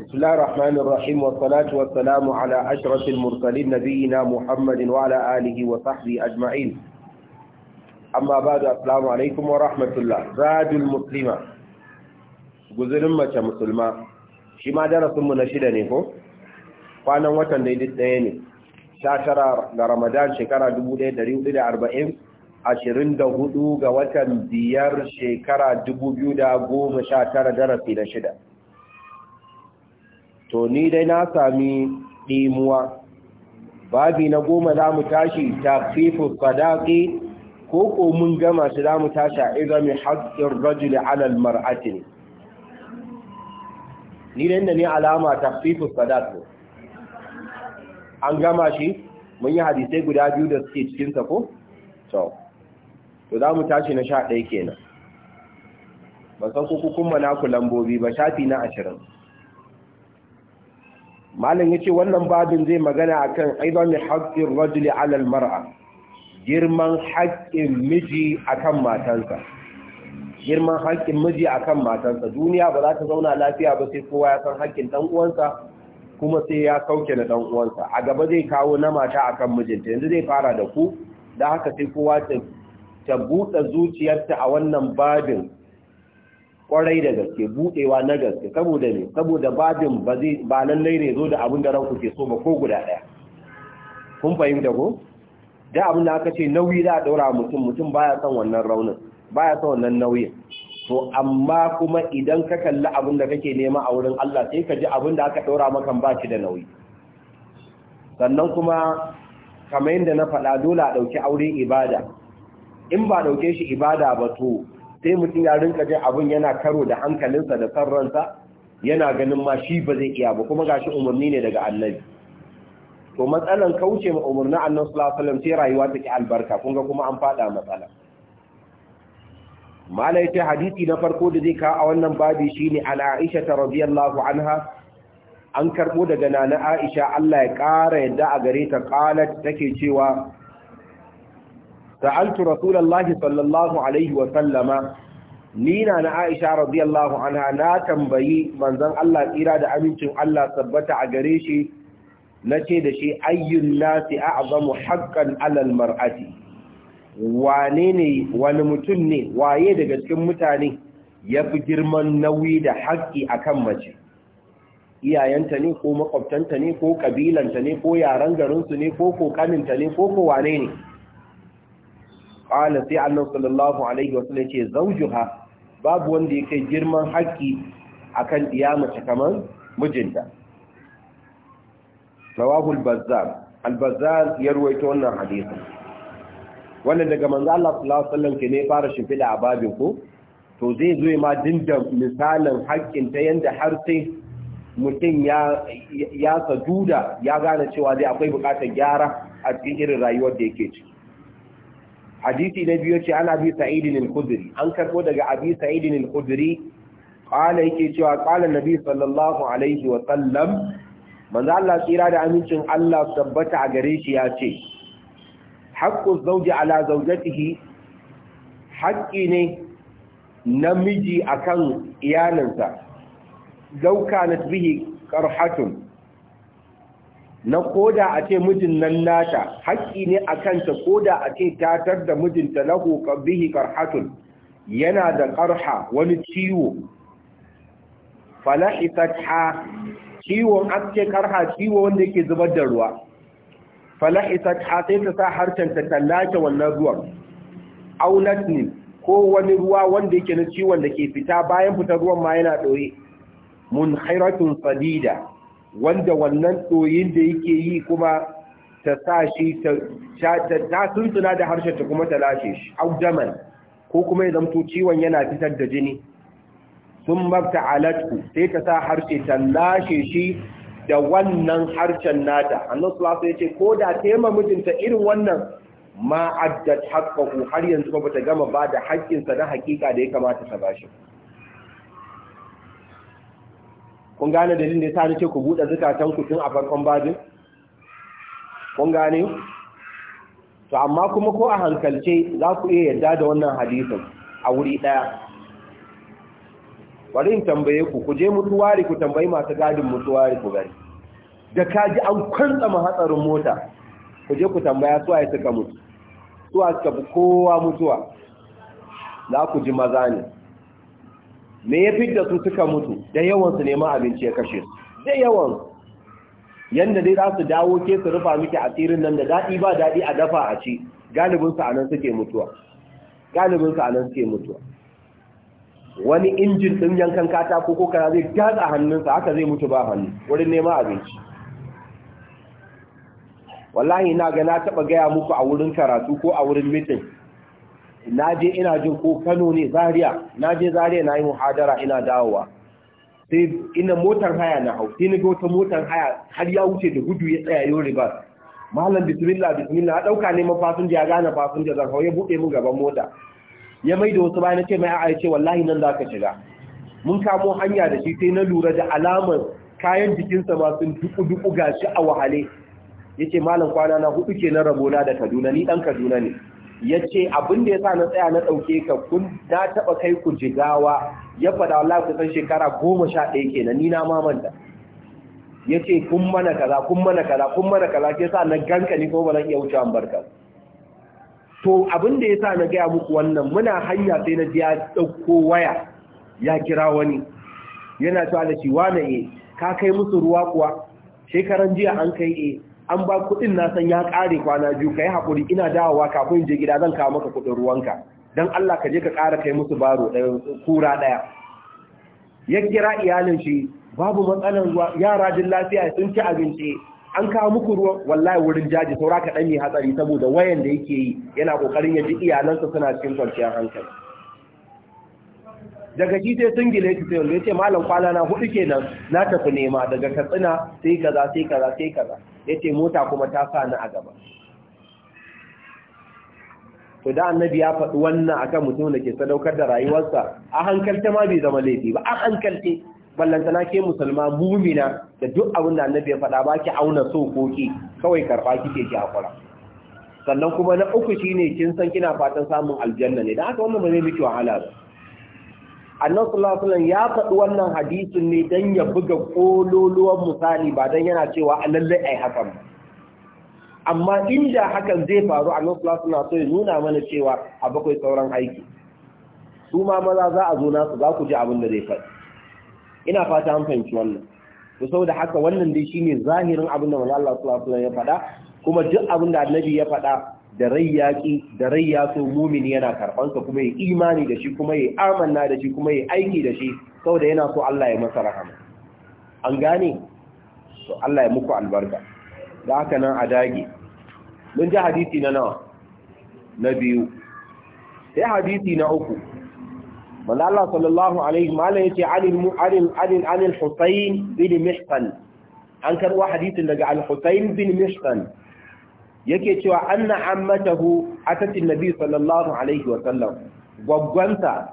بسم الله الرحمن الرحيم والصلاة والسلام على أشرف المرسلين نبينا محمد وعلى آله وصحبه أجمعين أما بعد السلام عليكم ورحمة الله زاد المسلمة guzurin mace musulma shi ma darasinmu na shida ne ko kwanan watan da yi ɗaya ne sha tara ga ramadan shekara 1440 ashirin da hudu ga watan biyar shekara 2019 darasi na shida to ni dai na sami ɗimuwa babi na goma za mu tashi tafifin fadaƙi, ko ko mun gama su za mu tashi a izami haƙƙin rajuli alal mar'ati ne ni dai na ne alama tafifin fadaƙi. an gama shi mun yi hadisai guda biyu da suke cikinsa ko? to za mu tashi na sha ɗaya kenan ba san kuku kuma na ku lambobi ba shafi na ashirin malam ce wannan babin zai magana akan aidami haqqir rajuli ala almar'a girman haƙƙin miji akan matansa girman haƙƙin miji akan matansa duniya ba za ta zauna lafiya ba sai kowa ya san haƙƙin dan uwansa kuma sai ya kauke na dan uwansa a gaba zai kawo na mata akan mijinta yanzu zai fara da ku da haka sai kowa ta ta buɗe zuciyarta a wannan babin kwarai da gaske buɗewa na gaske saboda ne saboda babin ba lallai ne zo da abin da ranku ke so ba ko guda ɗaya kun fahimta ko da abin da aka ce nauyi za a daura mutum mutum baya son wannan raunin baya son wannan nauyin to amma kuma idan ka kalli abin da kake nema a wurin Allah sai ka ji abin da aka ɗaura maka ba shi da nauyi sannan kuma kamar yadda na faɗa dole a ɗauki aure ibada in ba ɗauke shi ibada ba to sai mutum ya rinka jin abin yana karo da hankalinsa da sarransa yana ganin ma shi ba zai iya ba kuma gashi umarni ne daga annabi to matsalan kauce ma umarnin annabi sallallahu alaihi wasallam sai rayuwa take albarka kun ga kuma an fada matsala malai ta hadisi na farko da zai ka a wannan babi shine ala Aisha radhiyallahu anha an karbo daga nana Aisha Allah ya kara yadda a gare ta qalat take cewa sa'altu rasulullahi sallallahu alaihi wa sallama ni na Aisha radiyallahu anha na tambayi manzon Allah tsira da amincin Allah tabbata a gare shi nace da shi ayyun nasi a'zamu haqqan 'ala al-mar'ati wane wani mutum ne waye daga cikin mutane yafi girman nauyi da haƙƙi akan mace iyayenta ne ko makwabtanta ne ko kabilanta ne ko yaran garinsu ne ko kokaninta ne ko ko wane ne qala sai annabi sallallahu alaihi wasallam ce zawjuha babu wanda yake girman haƙƙi akan mace kamar mijinta rawahu al-bazzar al-bazzar ya ruwaito wannan hadisi Wanda daga manzo Allah sallallahu alaihi wasallam ke ne fara shimfida a babin ko to zai zo ma dinda misalin haƙƙin ta yanda har sai mutum ya ya ya gane cewa dai akwai buƙatar gyara a cikin irin rayuwar da yake ciki hadisi na biyu ce ana bi sa'idin al-khudri an karbo daga abi sa'idin al-khudri qala yake cewa qala nabi sallallahu alaihi wa sallam manzo Allah tsira da amincin Allah tabbata a gare shi ya ce haqqu zawji ala zawjatihi haƙƙi ne namiji akan iyalinsa dauka na bihi na koda a ce mijin nan nata haƙƙi ne a kanta koda a ce tatar da mijinta na hukar bihi ƙarhatun yana da ƙarha wani ciwo falahisat ha ciwon aske ƙarha ciwo wanda yake zubar da ruwa falahisat ha sai ta sa harkan ta tallace wannan ruwan ne ko wani ruwa wanda yake na ciwon da ke fita bayan fitar ruwan ma yana mun hairatun sadida wanda wannan ɗoyin da yake yi kuma ta sa shi ta tuntuna da harshen ta kuma ta lashe shi audaman ko kuma ya zamto ciwon yana fitar da jini sun mafta alatku sai ta sa harshe ta lashe shi da wannan harshen nata annan sulasa ya ce ko da tema mijinta irin wannan ma'addat haƙƙahu har yanzu ba ta gama ba da haƙƙinsa na haƙiƙa da ya kamata ta bashi kun gane dalilin da yasa ce ku buɗe zukatan ku tun a farkon babin kun gane to amma kuma ko a hankalce za ku iya yarda da wannan hadisin a wuri ɗaya bari in tambaye ku ku je mutuwari ku tambayi masu gadin mutuwari ku gari da kaji an kwantsama hatsarin mota ku je ku tambaya suwa ya suka mutu suwa suka fi kowa mutuwa za ku ji maza ne me ya fidda su suka mutu da yawan su neman abinci ya kashe su da yawan yadda dai za su dawo ke su rufa miki tsirin nan da daɗi ba daɗi a dafa a ci galibin su anan suke mutuwa galibin su anan suke mutuwa wani injin din yankan katako ko kokara zai gatsa hannunsa haka zai mutu ba hannu wurin neman abinci wallahi na ga na taba gaya muku a wurin karatu ko a wurin mitin na je ina jin ko Kano ne Zaria na je Zaria na yi muhadara ina dawowa sai ina motar haya na hau sai na ga wata motar haya har ya wuce da gudu ya tsaya yau ba malam bismillah bismillah dauka ne mafasin ya gane fasinja. da zan hau ya bude mu gaban mota ya mai da wasu bayan ce mai a'a ce wallahi nan zaka shiga mun kamo hanya da shi sai na lura da alamar kayan jikinsa ma sun duku duku gashi a wahale yace malam kwana na hudu kenan rabona da Kaduna ni dan Kaduna ne ya ce abin da ya sa na tsaya na ɗauke ka kun na taɓa kai ku jigawa ya faɗa Allah san shekara goma sha ɗaya kenan ni na mamanta ya ce kun mana kaza kun mana kaza kun mana kaza ke sa na ganka ni ko ba iya wuce an barka to abin da ya sa na gaya muku wannan muna hanya sai na ji ya ɗauko waya ya kira wani yana cewa da shi wane e ka kai musu ruwa kuwa shekaran jiya an kai e an ba kuɗin na san ya ƙare kwana biyu ka yi haƙuri ina dawowa kafin je gida zan kawo maka kuɗin ruwanka don Allah ka je ka ƙara kai musu baro ɗaya kura ɗaya ya kira iyalin shi babu matsalar ruwa yara jin lafiya sun ci abinci an kawo muku ruwa wallahi wurin jaji saura ka ɗan yi hatsari saboda wayan da yake yi yana ƙoƙarin ya ji iyalansa suna cikin kwanciyar hankali daga shi sai sun gile sai wanda ya ce malam kwana na hudu kenan na tafi nema daga katsina sai kaza sai kaza sai kaza ya ce mota kuma ta sa ni a gaba to da annabi ya faɗi wannan akan mutum da ke sadaukar da rayuwarsa a hankalta ma bai zama laifi ba a hankalta ballantana ke musulma mumina da duk abin da annabi ya faɗa ba ki auna so ko ki kawai karɓa kike ki hakura sannan kuma na uku shi ne kin san kina fatan samun aljanna ne da haka wannan ba zai miki wahala ba annan sulasulan ya faɗi wannan hadisin ne don ya buga ƙololuwan misali ba don yana cewa a lallai a yi hakan amma inda hakan zai faru annan sulasulan so ya nuna mana cewa a bakwai sauran aiki su ma maza za a zo nasu za ku ji abin da zai faɗi ina fata an fahimci wannan to saboda haka wannan dai shine zahirin abin da manzo Allah sallallahu alaihi ya faɗa kuma duk abin da annabi ya faɗa da rai yaƙi da rai ya so mumini yana karɓansa kuma yi imani da shi kuma yi amanna da shi kuma yi aiki da shi saboda yana so Allah ya masa rahama an gane to Allah ya muku albarka da haka nan a dage mun ji hadisi na nawa na biyu sai hadisi na uku manzo Allah sallallahu alaihi wa sallam yace alil alil alil alil Husayn bin Mihsan an karwa hadisin daga al-Husayn bin Mihsan yake cewa anna ammatahu atatin nabi sallallahu alaihi wa sallam gwaggwansa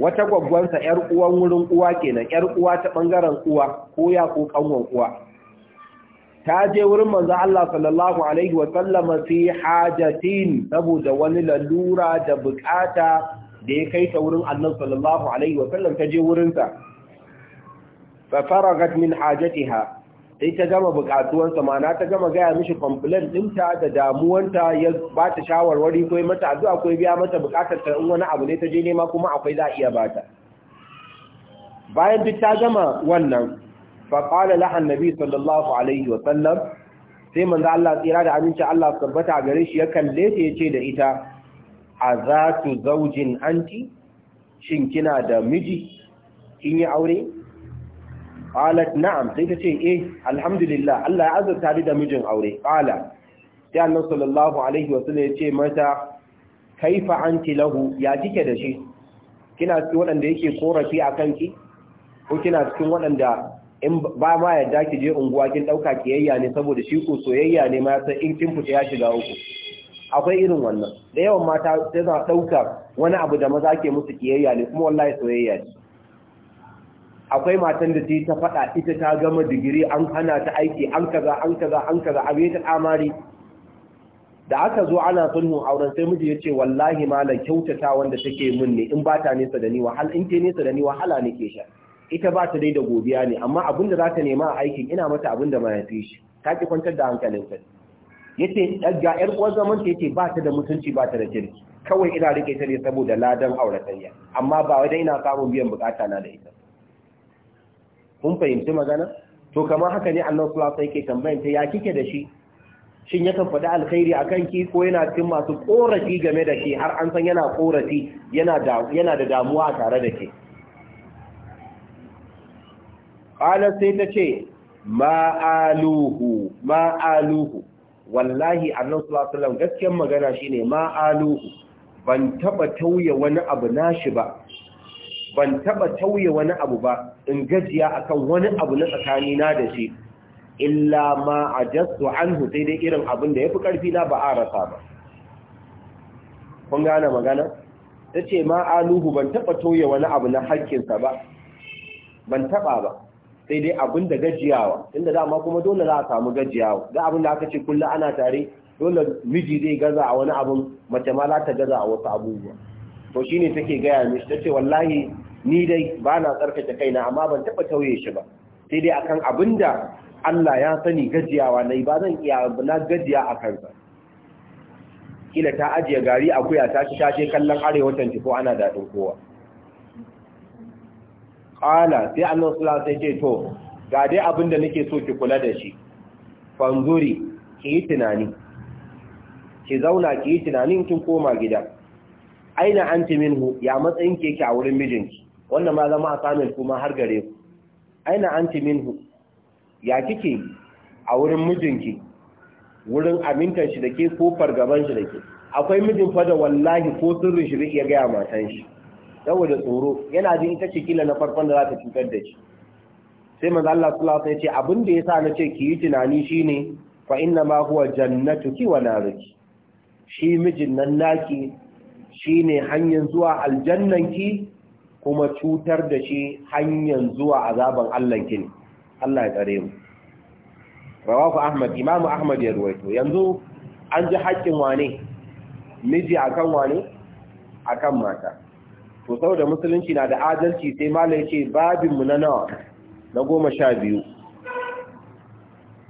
wata gwaggwansa yar uwan wurin uwa kenan yar uwa ta bangaren uwa ko ya ko kanwan uwa ta je wurin manzo Allah sallallahu alaihi wa sallam fi hajatin saboda wani lalura da bukata da ya kai ta wurin Annabi sallallahu alaihi wa sallam ta je wurin sa fa faragat min hajatiha sai ta gama bukatuwansa mana ta gama gaya mishi complaint ɗinta da damuwanta ya ba ta shawarwari ko mata addu'a ko biya mata bukatar ta in wani abu ne ta je nema kuma akwai za a iya bata bayan duk ta gama wannan fa qala laha annabi sallallahu alaihi wa sallam sai manzo Allah tsira da aminci Allah tabbata gare shi ya kalle ta yace da ita azatu zawjin anti shin kina da miji kin yi aure qalat na'am sai ta ce eh alhamdulillah Allah ya azurta da mijin aure qala sai annabi sallallahu alaihi wasallam ya ce mata kaifa anti lahu ya kike da shi kina cikin waɗanda yake korafi akan ki? ko kina cikin waɗanda in ba ma yadda ki je unguwa kin ɗauka kiyayya ne saboda shi ko soyayya ne ma sai in kin fita ya shiga uku akwai irin wannan da yawan mata sai za ɗauka wani abu da maza ke musu kiyayya ne kuma wallahi soyayya ne akwai matan da ta yi ta faɗa ita ta gama digiri an hana ta aiki an kaza an kaza an kaza a ta kamari da aka zo ana sulhun auren sai miji ya ce wallahi malam kyautata wanda take min ne in ba ta nesa da ni wahala in ke nesa da ni wahala nake sha ita ba ta dai da gobiya ne amma abin da za ta nema a aikin ina mata abin da mayafi shi ta ki kwantar da hankalin ka yace ga yar uwar zaman ta ce ba ta da mutunci ba ta da kirki kawai ina rike ta ne saboda ladan auratayya amma ba wai ina samun biyan bukata na da ita kun fahimci magana to kamar haka ne Allah sallallahu alaihi yake tambayan ta ya kike da shi shin kan faɗi alkhairi akan ki ko yana cikin masu korafi game da ke har an san yana korafi yana da yana da damuwa tare da ke qala sai ta ce ma'aluhu ma'aluhu wallahi annabi sallallahu alaihi wasallam gaskiyar magana shine ma'aluhu ban taba tauye wani abu nashi ba ban taba tauye wani abu ba in gajiya akan wani abu na tsakani na da shi illa ma ajastu anhu sai dai irin abin da yafi karfi na ba a rasa ba kun gane magana tace ma aluhu ban taba tauye wani abu na hakkin sa ba ban taba ba sai dai abin da gajiyawa inda dama kuma dole za a samu gajiyawa da abin da aka ce kullu ana tare dole miji zai gaza a wani abu mace ma za ta gaza a wasu abubuwa to shine take gaya mishi tace wallahi ni dai ba na tsarkake kaina amma ban taɓa tauye shi ba sai dai akan abin da Allah ya sani gajiyawa na ba zan iya na gajiya a kansa kila ta ajiye gari a kuya ta shi shashe kallon arewa ciko ana daɗin kowa ƙala sai Allah sula sai ce to ga dai abin da nake so ki kula da shi fanzuri ki yi tunani ki zauna ki yi tunanin kin koma gida aina anti minhu ya matsayin keke a wurin mijinki wannan ma zama samun kuma har gare ku aina anti minhu ya kike a wurin mijinki wurin amintar shi da ke ko fargaban shi da ke akwai mijin fa da wallahi ko sirrin shi zai gaya matan shi saboda tsoro yana jin ita ce kila na farkon da za ta cutar da shi sai manzo Allah sallallahu alaihi ya ce abin da yasa na ce ki yi tunani shine fa inna ma huwa jannatuki wa naruki shi mijin nan naki shine hanyar zuwa aljannanki kuma cutar da shi hanyar zuwa azaban Allah ne Allah ya tsare mu Rawafu ahmad Imam ahmad ya ruwaito yanzu an ji haƙƙin wane miji akan wane akan mata to saboda musulunci na da adalci sai malai ce babinmu na nawa na goma sha biyu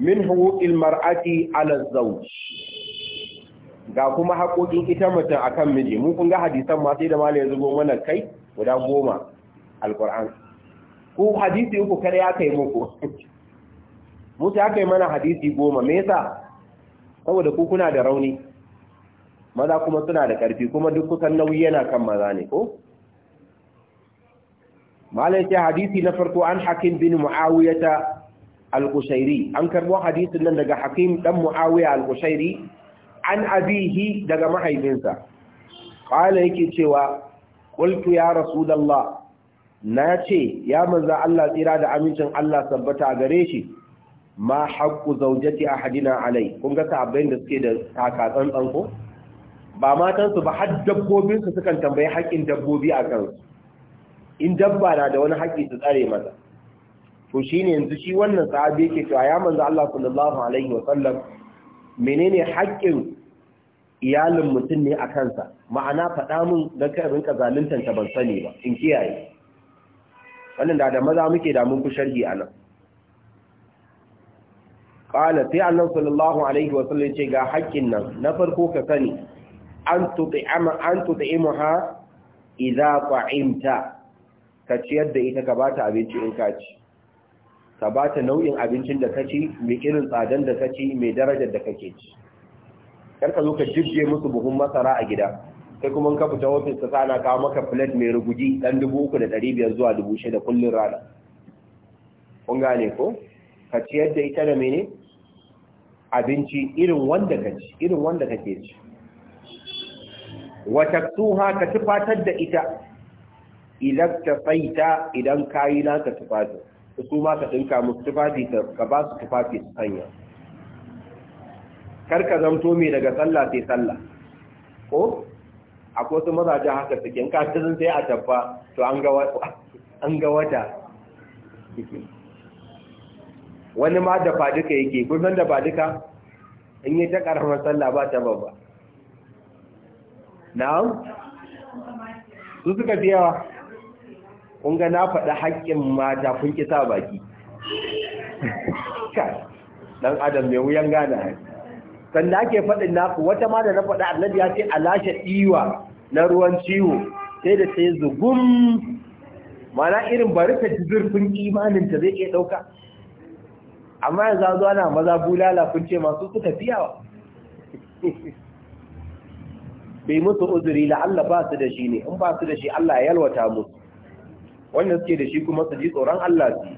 min huquqil mar'ati 'ala zawj ga kuma haƙoƙin ita mutum akan miji mun kun ga hadisan ma sai da malai ya zubo mana kai guda goma alkur'an ku hadisi uku kare ya kai muku mutu ya kai mana hadisi goma me yasa saboda ku kuna da rauni maza kuma suna da ƙarfi kuma duk kusan nauyi yana kan maza ne ko malai ce hadisi na farko an hakim bin muawiyata al-qushairi an karɓo hadisi nan daga hakim ɗan muawiya al-qushairi an abihi daga mahaifinsa qala yake cewa qultu ya rasulullah na ce ya manza Allah tsira da amincin Allah sabbata gare shi ma haqqu zawjati ahadina alai kun ga da suke da taka tsantsan ko ba matansu ba har dabbobin su sukan tambayi haƙƙin dabbobi a kansu in dabba na da wani haƙƙi su tsare masa to shine yanzu shi wannan sahabi yake cewa ya manzo Allah sallallahu alaihi wa sallam menene haƙƙin iyalin mutum ne a kansa ma'ana faɗa min don kai rinka ban sani ba in kiyaye wannan da da maza muke da mun ku sharhi nan. qala sai annabi sallallahu alaihi wa sallam ce ga haƙƙin nan na farko ka sani an tut'ama an tut'imuha idza ta'imta ka ciyar da ita ka bata abinci in ka ci ka ba nau'in abincin da ka ci, mai irin tsadan da ka ci, mai darajar da kake ci kar ka zo ka jibge musu buhun masara a gida sai kuma ka fita ofis ka sana kawo maka flat mai ruguji dan dubu uku da ɗari biyar zuwa dubu shida kullum rana kun gane ko ka ciyar da ita da mene abinci irin wanda ka ci irin wanda kake ci wa taksuha ka tufatar da ita idan ta tsaita idan kayi na ka tufatar su ma ka dinka musu tufafi ka ba su tufafi su sanya karka zamto mai daga sallah sai sallah ko akwai su mazaje haka suke in ka tazin sai a tabba to an ga wata wani ma da faduka yake kusan da faduka in yi ta karamar sallah ba ta babba Na? su suka fi yawa kun ga na faɗi haƙƙin mata kun kisa baki ɗan adam mai wuyan gane haƙƙi sanda ake faɗin naku wata ma da na faɗa annabi ya ce a lashe iwa na ruwan ciwo sai da sai zugun mana irin bari ta zurfin imanin ta zai iya ɗauka amma za zuwa na maza bulala kun ce masu suka fiyawa bai musu uzuri Allah ba su da shi ne in ba su da shi Allah ya yalwata musu wanda suke da shi kuma su ji tsoron Allah su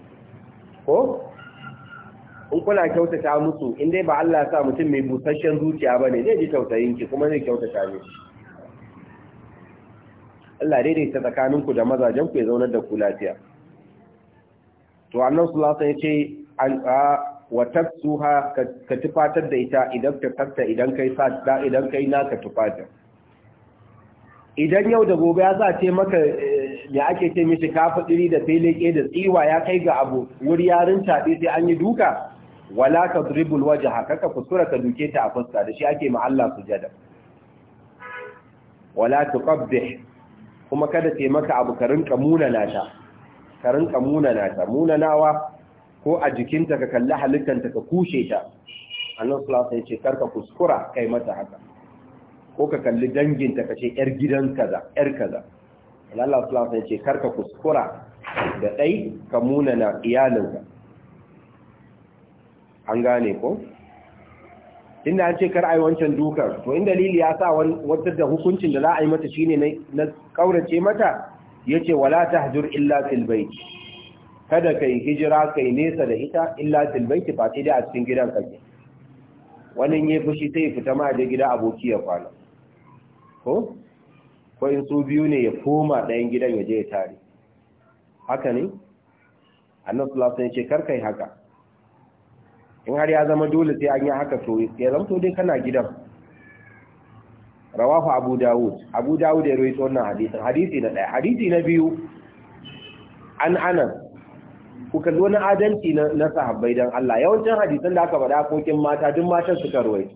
ko in kuna kyautata musu in dai ba Allah sa mutum mai busasshen zuciya ba ne zai ji tausayin ki kuma zai kyautata ne Allah daidai ta tsakaninku da mazajen ku ya zaunar da ku lafiya to annabi sallallahu alaihi ce an wa taksuha ka tufatar da ita idan ka tafta idan kai sa idan kai na ka tufatar idan yau da gobe ya sa ce maka eh, ya ake ce mishi diri da ke da tsiwa ya kai ga abu wuri yarin taɓe sai an yi duka wala ka dribul waje haka ka duke ta a fuska da shi ake ma Allah jada. wala tuqabbih kuma kada ce maka abu ka rinka munana ta ka rinka munana ta munanawa ko a jikinta ka kalli halittanta ka kushe ta annan sulasa ya ce karka kuskura kai mata haka ko ka kalli danginta ka ce yar gidan kaza yar kaza Allah sulasa ya ce karka kuskura da ɗai ka munana iyalinka an gane ko inda an ce kar ai wancan dukar to in dalili ya sa wata da hukuncin da za a yi mata shine na kaurace mata yace wala tahjur illa fil bait kada kai hijira kai nesa da ita illa fil bait ba sai a cikin gidan kake wannan ya fushi sai fita ma da gida aboki ya kwana ko ko in su biyu ne ya koma ɗayan gidan ya je ya tare haka ne annabi sallallahu alaihi wasallam ce kar kai haka in har ya zama dole sai an yi haka to ya to dai kana gidan rawahu abu dawud abu dawud ya rawaito wannan hadisin hadisi na daya hadisi na biyu an ana ku kalli wani adalci na sahabbai dan Allah yawancin hadisan da aka faɗa kokin mata duk matan suka ruwai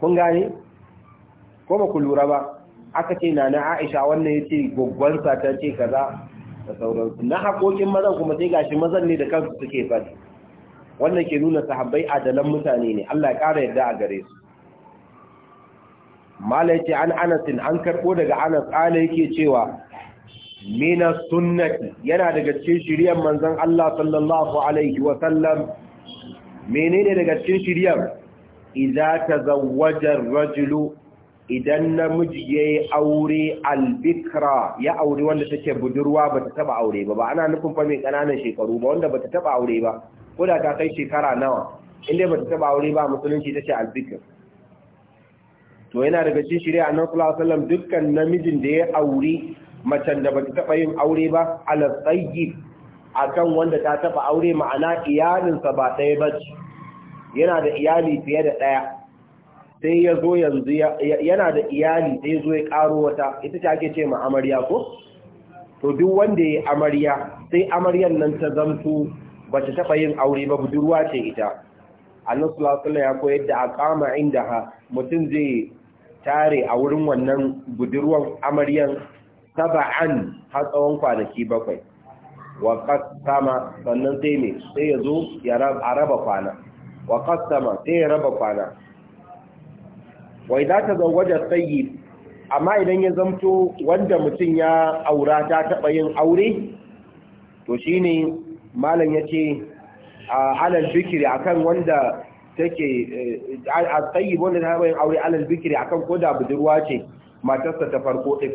kun gane ko ba ku lura ba aka ce na na Aisha wannan yace goggonsa ta ce kaza da sauransu na hakokin mazan kuma sai gashi mazan ne da kansu suke faɗi wannan ke nuna sahabbai adalan mutane ne Allah ya ƙara yadda a gare su mala yace an anasin an karɓo daga anas ala yake cewa mina sunnati yana daga cikin shiriyar manzon Allah sallallahu alaihi wa sallam menene daga cikin shiriyar idza tazawwaja ar-rajulu idan namiji yayi aure al-bikra ya aure wanda take budurwa bata taba aure ba ba ana nufin fa mai kananan shekaru ba wanda bata taba aure ba ko da ta kai shekara nawa inda ba ta taba aure ba musulunci ta ce azzikir to yana daga cikin shari'a annabi sallallahu alaihi wasallam dukkan namijin da ya aure macen da ba ta taba yin aure ba ala tsayyi akan wanda ta taba aure ma'ana iyalinsa ba ɗaya ba ce yana da iyali fiye da ɗaya sai ya zo yanzu yana da iyali sai ya zo ya karo wata ita ce ake ce ma amarya ko to duk wanda ya yi amarya sai amaryan nan ta zamto ba ta taɓa yin aure ba budurwa ce ita annan sulasula ya koyar da kama inda ha mutum zai tare a wurin wannan budurwan amaryan saba'an har tsawon kwanaki bakwai wa kasama sannan sai ne sai ya zo ya raba kwana wa kasama sai ya raba kwana wai za ta zauwaje tsayi amma idan ya zamto wanda mutum ya aura ta taɓa yin aure to shine malam yake alal bikiri akan wanda take eh, a tsayi wanda ta bayan aure alal bikiri akan koda budurwa ce matarsa ta farko din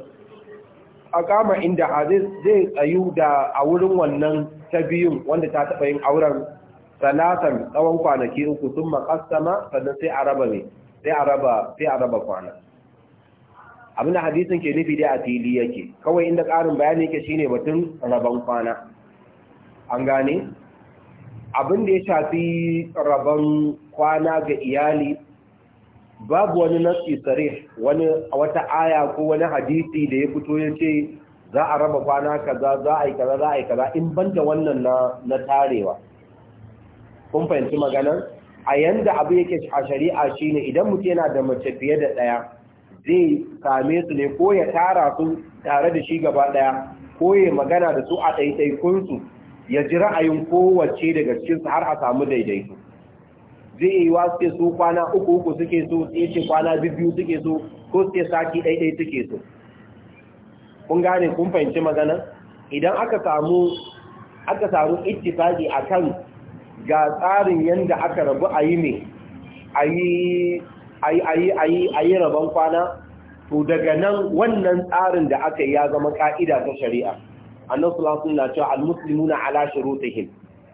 kama inda aziz zai tsayu da a wurin wannan ta biyun wanda ta taɓa yin auren salatan tsawon kwanaki uku sun makasama sannan sai a raba ne sai a sai a kwana abin hadisin ke nufi dai a fili yake kawai inda ƙarin bayani yake shine batun rabon kwana an gane abin da ya shafi rabon kwana ga iyali babu wani nasi tsari wani wata aya ko wani hadisi da ya fito ya ce za a raba kwana kaza za a yi kaza za a yi kaza in banda wannan na tarewa kun fahimci maganar a yanda abu yake a shari'a shine idan mutum yana da mace fiye da ɗaya zai same su ne ko ya tara su tare da shi gaba ɗaya ko ya magana da su a ɗaiɗaikunsu ya ji ra'ayin kowace daga cikinsu har a samu daidaito zai yi wa suke so kwana uku uku suke so ya ce kwana biyu suke so ko suke saki ɗaiɗai suke so kun gane kun fahimci magana idan aka samu aka samu ittifaqi akan ga tsarin yanda aka rabu a yi ne a yi a yi rabon kwana to daga nan wannan tsarin da aka yi ya zama ka'ida ta shari'a annabi sallallahu alaihi wasallam na cewa almuslimuna ala shurutihim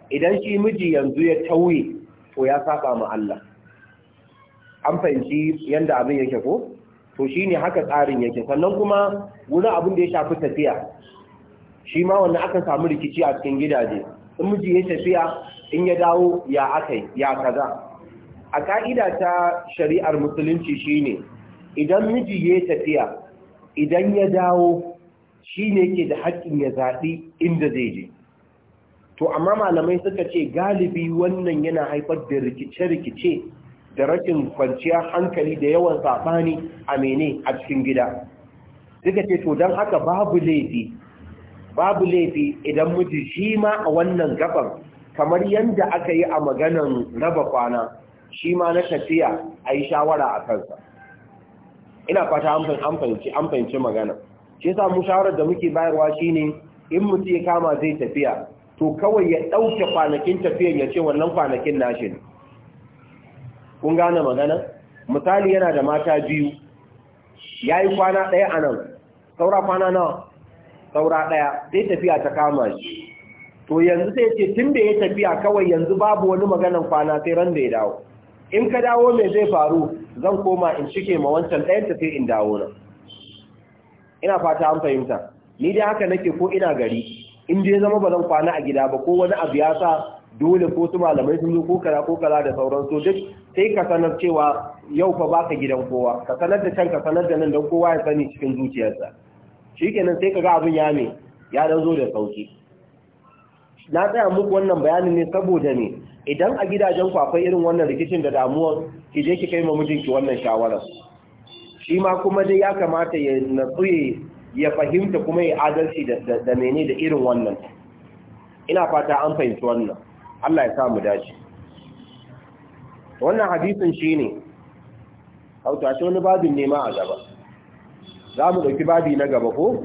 idan shi miji yanzu ya tauye to ya saba ma Allah an fahimci yanda abin yake ko to shine haka tsarin yake sannan kuma wani abin da ya shafi tafiya shi ma wannan aka samu rikici a cikin gidaje in miji ya tafiya in ya dawo ya akai ya kaza a ka'ida ta shari'ar musulunci shine idan miji ya tafiya idan ya dawo shi ne ke da haƙƙin ya zaɗi inda zai je to amma malamai suka ce galibi wannan yana haifar da rikice-rikice da rashin kwanciyar hankali da yawan saɓani a mene a cikin gida suka ce to don haka babu laifi babu laifi idan miji shi ma a wannan gaban kamar yadda aka yi a maganan raba kwana shi ma na tafiya a yi shawara a kansa ina fata an fahimci magana shi yasa mu shawarar da muke bayarwa shine in mutum ya kama zai tafiya to kawai ya dauke kwanakin tafiyan ya ce wannan kwanakin nashi ne kun gane magana misali yana da mata biyu yayi kwana daya anan saura kwana nawa saura daya sai tafiya ta kama shi to yanzu sai ce tun da ya tafiya kawai yanzu babu wani maganan kwana sai ran da ya dawo in ka dawo me zai faru zan koma in cike ma wancan ɗayan tafi in dawo na ina fata an fahimta ni dai haka nake ko ina gari in dai zama ba zan kwana a gida ba ko wani abu ya sa dole ko su malamai sun zo ko kala ko kala da sauran su duk sai ka sanar cewa yau fa baka gidan kowa ka sanar da can ka sanar da nan don kowa ya sani cikin zuciyarsa shikenan sai kaga abin ya me ya dan zo da sauki na tsaya muku wannan bayanin ne saboda ne idan a gidajen ku akwai irin wannan rikicin da damuwar ki je ki kai ma mijinki wannan shawarar shi ma kuma dai ya kamata ya natsu ya fahimta kuma ya adalci da mene da irin wannan ina fata an fahimci wannan Allah ya samu dace wannan hadisin ne. hauta shi wani babin nema a gaba za mu ɗauki babi na gaba ko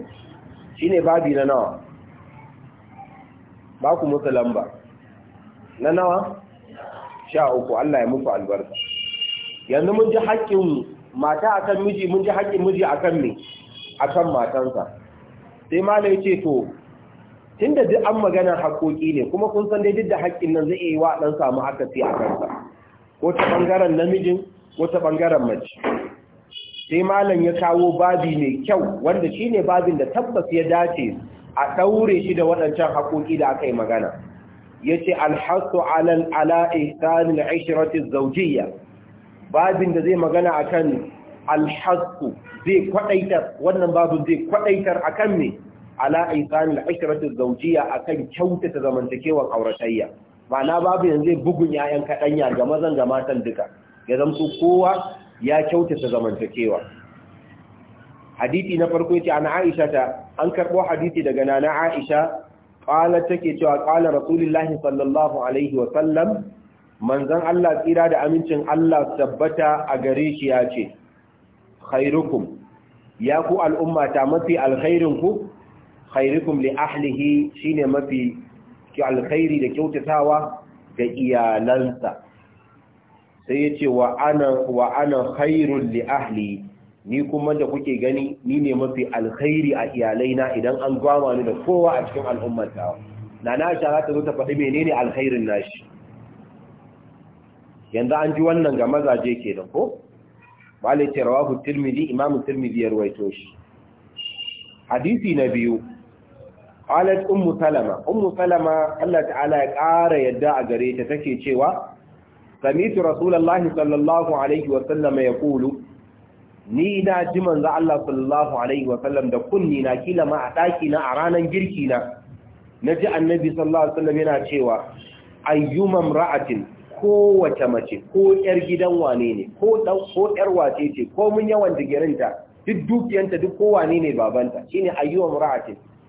shi ne babi na nawa ba ku musu lamba na nawa sha uku Allah ya muku albarka yanzu mun ji haƙƙin mata akan miji mun ji haƙƙin miji akan me akan matansa sai malai yace to tunda duk an magana haƙoƙi ne kuma kun san dai duk da haƙƙin nan zai yi wa dan samu sai a sa ko ta bangaren namijin ko ta bangaren mace sai malam ya kawo babi mai kyau wanda shine babin da tabbas ya dace a daure shi da waɗancan haƙoƙi da aka yi magana yace alhasu alal ala ihsanil ishrati zawjiyya babin da zai magana akan alhasku zai kwadaitar wannan babin zai kwadaitar kan ne ala zaujiya a kan akan kyautata zamantakewar auratayya Ba na babu yanzu bugun yayan kaɗanya ga mazan ga matan duka ya zamto kowa ya kyautata zamantakewa hadisi na farko ce ana Aisha ta an karbo hadisi daga nana Aisha ƙwalar take cewa ƙwalar rasulullahi sallallahu alaihi wa manzon Allah tsira da amincin Allah tabbata a gare shi ya ce khairukum ya ku al'ummata mafi alkhairinku, ku khairukum li ahlihi shine mafi ki alkhairi da kyautatawa ga iyalansa sai ya ce wa ana wa li ahli ni kuma da kuke gani ni ne mafi alkhairi a iyalaina idan an gwama ni da kowa a cikin al'ummata na na shara ta zo ta faɗi menene alkhairin nashi yanzu an ji wannan ga mazaje ke da ko malai ce rawahu tirmidhi imamu tirmidhi ya ruwaito shi hadisi na biyu qalat ummu salama ummu salama Allah ta'ala ya ƙara yadda a gare ta take cewa samitu rasulullahi sallallahu alaihi wa sallam kulu ni na ji manzo Allah sallallahu alaihi wa sallam da kunni na kila ma a daki na a ranan girki na naji annabi sallallahu alaihi wa sallam yana cewa ayyuma imra'atin kowace mace ko yar gidan wane ne ko yar wace ce ko mun yawan digirinta duk dukiyanta duk wane ne babanta shine ayyuwa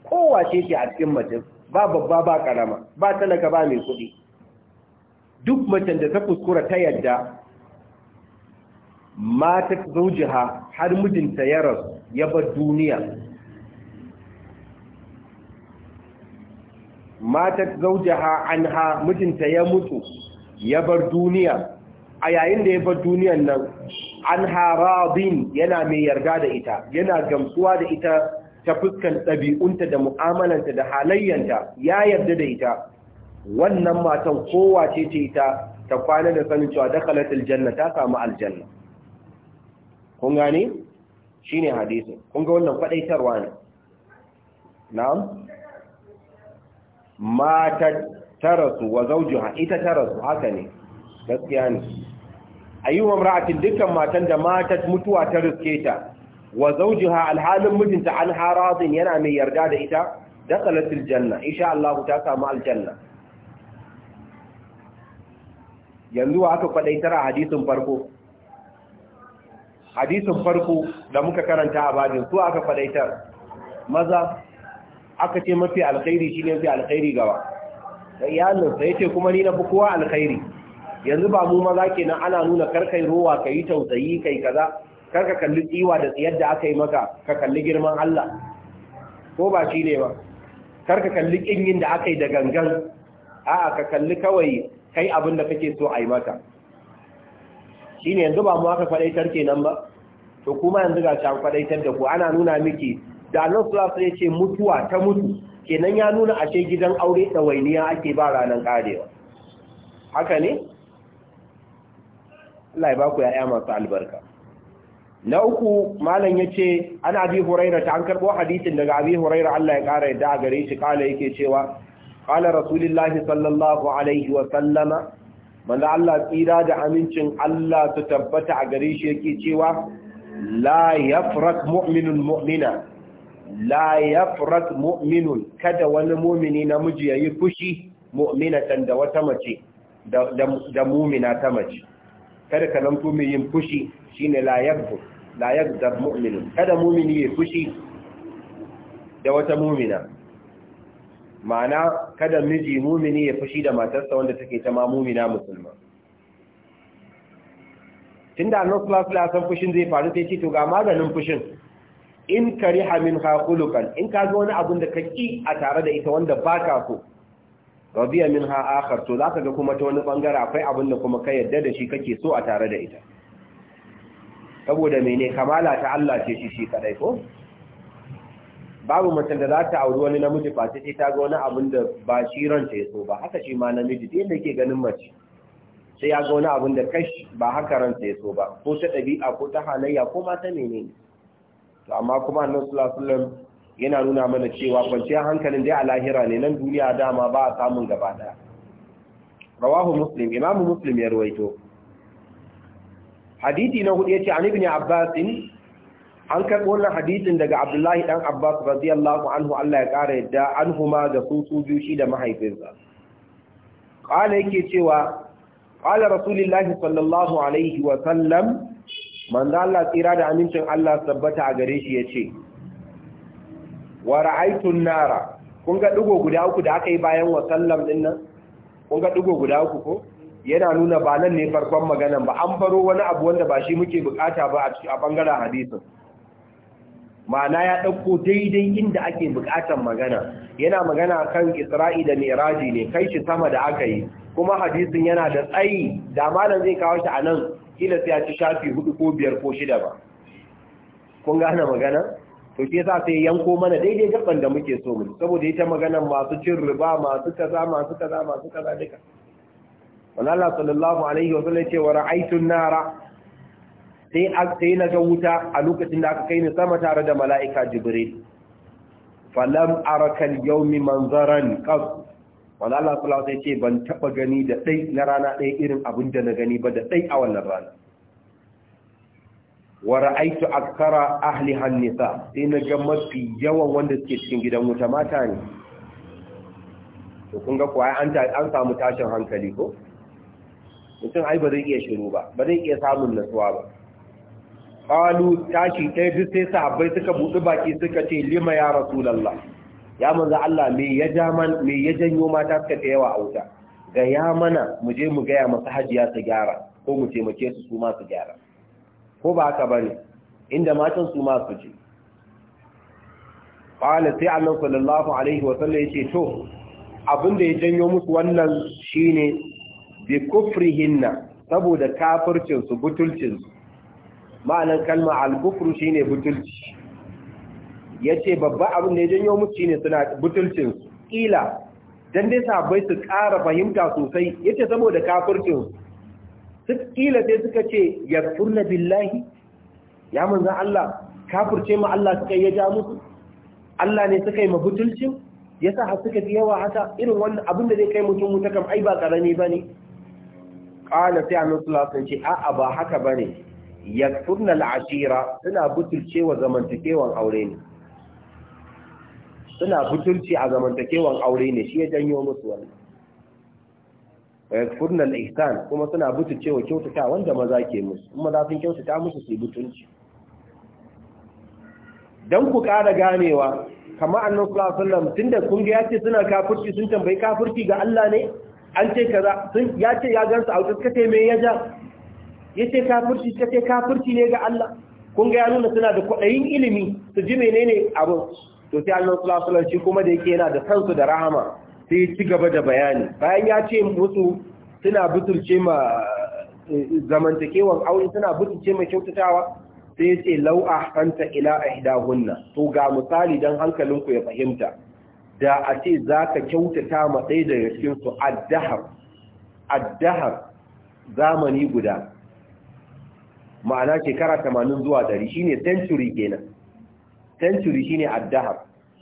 ko wace ce a cikin mace ba babba ba karama ba talaka ba mai kuɗi duk macen da ta kuskura ta yadda mata zaujiha har mijinta ya rasu ya bar duniya matat zaujaha anha mijinta ya mutu ya bar duniya a yayin da ya bar duniyan nan an haradin yana mai yarda da ita yana gamsuwa da ita ta fuskan ɗabi'unta da mu'amalanta da halayyanta ya yarda da ita wannan matan kowa ce ce ita ta kwana da sanin cewa dakhalat aljanna ta samu aljanna kun gane shine hadisin kun ga wannan kwadaitarwa ne na'am matan tarasu wa ita tarasu haka ne gaskiya ne ayyuwa imra'atin dukkan matan da matat mutuwa ta riske ta wa zawjuha alhalin mijinta an haradin yana mai yarda da ita dakhalat aljanna insha Allah ta samu aljanna yanzu aka kwadaitar a hadisin farko hadisin farko da muka karanta a bajin su aka kwadaitar maza aka ce mafi alkhairi shine mafi alkhairi gaba. da ya ce kuma ni na fi kowa alkhairi yanzu ba mu maza nan ana nuna karkai rowa ka yi tausayi kai kaza karka kalli tsiwa da tsiyar da aka yi maka ka kalli girman Allah ko ba shi ne ba karka kalli kinyin da aka yi da gangan a'a ka kalli kawai kai abin da kake so a yi maka shi ne yanzu ba mu aka faɗaitar nan ba to kuma yanzu ga shan faɗaitar da ku ana nuna miki da Allah su ya ce mutuwa ta mutu kenan ya nuna ashe gidan aure da ɗawainiya ake ba ranar ƙarewa haka ne? Allah ya ba ya'ya masu albarka na uku malam ya ce ana abi huraira ta an karɓo hadisin daga abi huraira Allah ya ƙara yadda a gare shi ƙala yake cewa ƙala rasulillahi sallallahu alaihi wa sallama Manda Allah tsira da amincin Allah su tabbata a gare shi yake cewa la yafrak mu'minun mu'mina la yafrat mu'minun kada wani mu'mini namiji yayi fushi mu'minatan da wata mace da mu'mina ta mace kada ka zanto mai yin fushi shine la yafru la yafzab mu'minun kada mu'mini yayi fushi da wata mu'mina ma'ana kada miji mu'mini ya fushi da matarsa wanda take ta ma mu'mina musulma tunda annabi sallallahu alaihi wasallam fushin zai faru sai ce to ga maganin fushin in ka kariha minha haƙulukan in ka ga wani abun da ka ƙi a tare da ita wanda baka ku radiya min haƙar to za ka ga kuma ta wani ɓangare akwai abin da kuma ka yadda da shi kake so a tare da ita saboda mene kamala ta Allah ce shi shi kaɗai ko babu macen da za ta auri wani namiji ba sai ta ga wani abin da ba shi ranta ya so ba haka shi ma namiji da ke ganin mace sai ya ga wani abin da kash ba haka ranta ya so ba ko ta ɗabi'a ko ta halayya ko ma menene to amma kuma annabi sallallahu alaihi wasallam yana nuna mana cewa kwanciyar hankalin dai a lahira ne nan duniya dama ba a samun gaba daya rawahu muslim imamu muslim ya ruwaito hadisi na hudu yace an ibn abbas an karbo wannan hadisin daga abdullahi dan abbas radiyallahu anhu Allah ya kara yadda anhuma da su su biyu da mahaifinsa qala yake cewa qala rasulullahi sallallahu alaihi wa sallam manzo Allah tsira da amincin Allah tabbata a gare shi yace wa ra'aytun nara kun ga dugo guda uku da aka yi bayan wa sallam din nan kun ga dugo guda uku ko yana nuna ba nan ne farkon maganan ba an faro wani abu wanda ba shi muke bukata ba a bangaren hadisin ma'ana ya dauko daidai inda ake buƙatar magana yana magana kan isra'i da miraji ne kai shi sama da aka yi kuma hadisin yana da tsayi da malam zai kawo shi a nan kila sai a ci shafi hudu ko biyar ko shida ba kun gane magana to shi yasa sai yanko mana daidai gaban da muke so mu saboda ita magana masu cin riba masu kaza masu kaza masu kaza duka wannan Allah sallallahu alaihi wa sallam ce wa ra'aytun nara sai sai na ga wuta a lokacin da aka kai ni sama tare da mala'ika jibril falam arakal yawmi manzaran qad wanda Allah sallallahu alaihi ce ban taba gani da dai na rana ɗaya irin abin da na gani ba da dai a wannan rana wa ra'aytu akthara ahli hannisa sai ga mafi yawan wanda suke cikin gidan wuta mata ne to kun ga ko an an samu tashin hankali ko mutum ai ba zai iya shiru ba ba zai iya samun nasuwa ba qalu tashi ɗaya duk sai sahabbai suka buɗe baki suka ce lima ya rasulullah ya manzo Allah me ya jaman me ya janyo mata suka ta yawa a wuta ga ya mana mu je mu gaya masa hajiya su gyara ko mu taimake su su ma su gyara ko ba haka bane inda matan su ma su je qala sai Allah sallallahu alaihi wa sallam yace to abinda ya janyo musu wannan shine bi kufrihinna saboda kafircin su butulcin su ma'anar kalma al-kufru shine butulci ya ce babba abin da ya janyo musu ne suna butulcin ƙila don dai sabai su ƙara fahimta sosai ya ce saboda kafircinsu su ƙila sai suka ce ya furna billahi ya manzan Allah kafurce ma Allah suka yi ya ja musu Allah ne suka yi mabutulcin ya sa har suka fi yawa haka irin wannan abin da zai kai mutum wuta kam ai ba ƙarami ba ne ƙala sai annabi sallallahu ce a'a ba haka ba ya yakfurna la'ashira suna butulcewa zamantakewan aure ne suna butulci a zamantakewan aure ne shi ya janyo musu wannan wa eh, yakfurna al-ihsan kuma suna wa kyautata wanda maza ke musu kuma za su kyautata musu su butunci. dan ku ƙara ganewa kamar annabi sallallahu alaihi wasallam tunda kun ga yace suna kafirci sun tambayi kafirci ga Allah ne an ce kaza sun yace ya gansu a wutar kace me ya ja yace kafirci kace kafirci ne ga Allah kun ga ya nuna suna da kwaɗayin ilimi su ji menene abu to sai Allah sallallahu alaihi shi kuma da yake yana da kansu da rahama sai ci gaba da bayani bayan ya ce musu suna butulce ma eh, zamantakewan aure suna butulce ma kyautatawa sai sai ce lau ahsanta ila ihdahunna to ga misali dan hankalinku ya fahimta da a ce zaka kyautata ma ɗaya daga yakin su addahar addahar zamani guda ma'ana shekara 80 zuwa 100 shine century kenan century shine addahar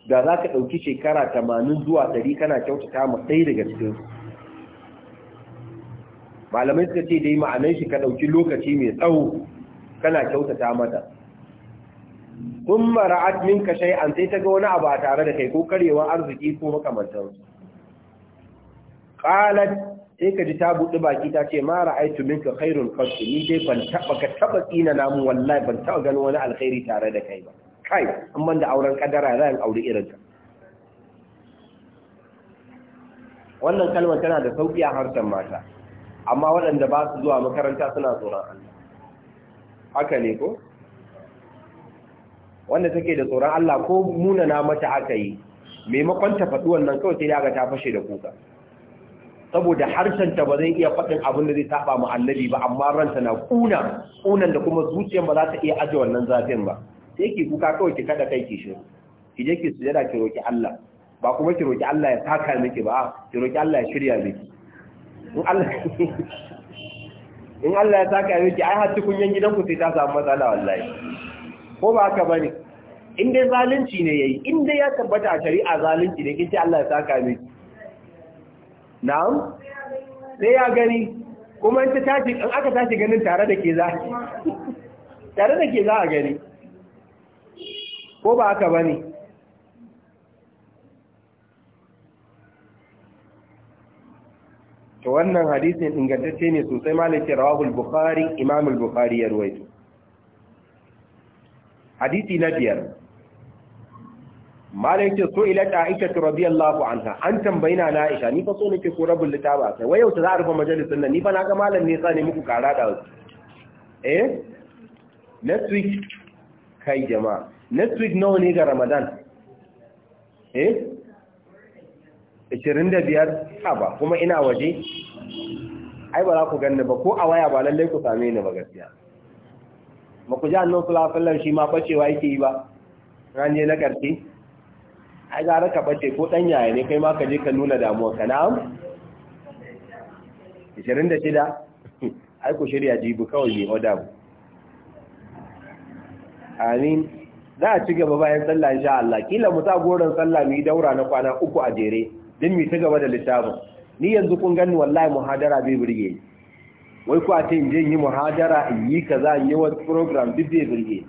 da za ka ɗauki shekara tamanin zuwa 100 kana kyautata mu sai daga cikin malamai suka ce dai ma'anar shi ka ɗauki lokaci mai tsawo kana kyautata mata kun mara'at min ka an sai ta ga wani abu a tare da kai ko karewa arziki ko makamantansu qalat sai ka ji ta buɗi baki ta ce mara aitu ka khairun qat ni dai ban taba ka taba tsina namu wallahi ban taba ganin wani alkhairi tare da kai ba kai an banda auren kadara za aure auri irinta wannan kalmar tana da sauƙi a harshen mata amma waɗanda ba su zuwa makaranta suna tsoron Allah haka ne ko wanda take da tsoron Allah ko munana mata aka yi maimakon ta faɗi wannan kawai sai daga ta fashe da kuka saboda harshen ta ba zai iya faɗin abin da zai saba mu annabi ba amma ranta na kuna kunan da kuma zuciyar ba za ta iya aje wannan zafin ba sai ki kuka kawai ki kada kai ki shiru ki je ki sujada ki roki Allah ba kuma ki roki Allah ya taka miki ba ki roki Allah ya shirya miki in Allah in Allah ya taka miki ai har yan gidan ku sai ta samu matsala wallahi ko ba haka bane in dai zalunci ne yayi in dai ya tabbata a shari'a zalunci ne kin ce Allah ya taka miki na'am sai ya gani kuma in ta tashi in aka tashi ganin tare da ke za tare da ke za a gani ko ba haka ba ne to wannan hadisin ingantacce ne sosai malaki rawahul bukhari imamul bukhari ya ruwaito hadisi na biyar malaki so ila aisha radiyallahu anha an tambayina na aisha ni fa so nake ko rabul litaba sai wayo ta za a rufe majalisin nan ni fa na ga malam ne sa ne muku kara da eh next week kai jama'a next week nawa ne ga ramadan eh 25 haba ba kuma ina waje ai ba za ku ganni ba ko a waya ba lallai ku same ni ba gaskiya ba ku ji annon fulafulan shi ma bacewa yake yi ba je na ƙarfi ai gara ka bace ko ɗan yaya ne kai ma ka je ka nuna damuwa ka na 26 ai ku shirya jibi kawai ne oda amin za a ci gaba bayan sallah insha Allah kila mu sa goron sallah mu yi daura na kwana uku a jere din mu ci gaba da littafin ni yanzu kun gani wallahi muhadara bai burge wai ku a ce in je yi muhadara in yi kaza in yi wani program duk bai burge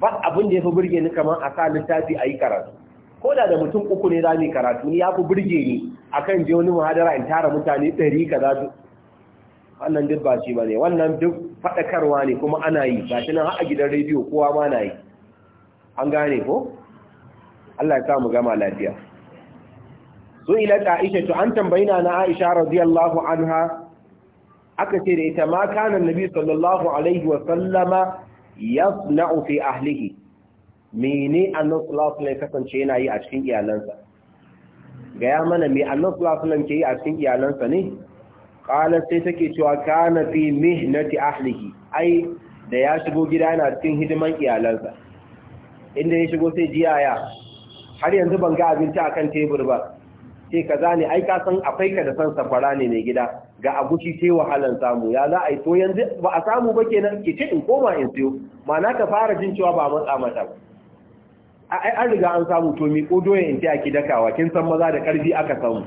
ba abin da ya fi burge ni kamar a sa littafi a yi karatu ko da da mutum uku ne za karatu ni ya fi burge ni akan je wani muhadara in tara mutane ɗari kaza wannan duk ba shi ba ne wannan duk faɗakarwa ne kuma ana yi ba shi nan har a gidan rediyo kowa ma na yi an gane ko Allah ya samu gama lafiya su ila Aisha to an tambayi na Aisha radiyallahu anha aka ce da ita ma kana Nabi sallallahu alaihi wa sallama yasna'u fi ahlihi mene annabi sallallahu alaihi kasance yana yi a cikin iyalansa gaya mana me annabi sallallahu alaihi ke yi a cikin iyalansa ne qala sai take cewa kana fi mihnati ahlihi ai da ya shigo gida yana cikin hidiman iyalansa inda ya shigo sai jiyaya har yanzu ban ga abinci a kan tebur ba ka za ne ai ka san akwai ka da san sakwara ne mai gida ga agushi ce wahalan samu ya za a yi to yanzu ba a samu ba kenan ke ce in koma in siyo Ma na ka fara jin cewa ba matsa mata ba ai an riga an samu to mi ko ya in tiya ki dakawa kin san maza da karfi aka samu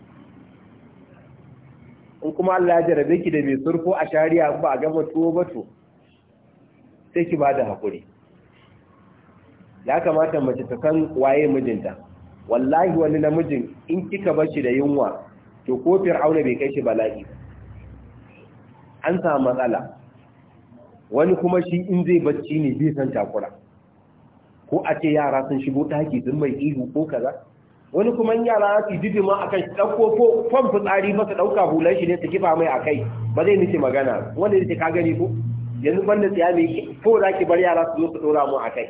in kuma Allah ya jarabe ki da mai surfo a shari'a ba a gama tuwo ba to sai ki bada hakuri ya kamata mace ta san waye mijinta wallahi wani namijin in kika bar shi da yunwa to ko fir'auna bai kai shi bala'i an samu matsala wani kuma shi in zai bacci ne zai san takura ko a ce yara sun shigo taki, sun mai ihu ko kaza wani kuma yara su jibi ma akan shi ɗauko ko fom fitsari masa ɗauka hular shi ne su kifa mai a kai ba zai nufi magana wanda zai ka gani ko yanzu banda tsaya mai ko za ki bar yara su zo su ɗora mu a kai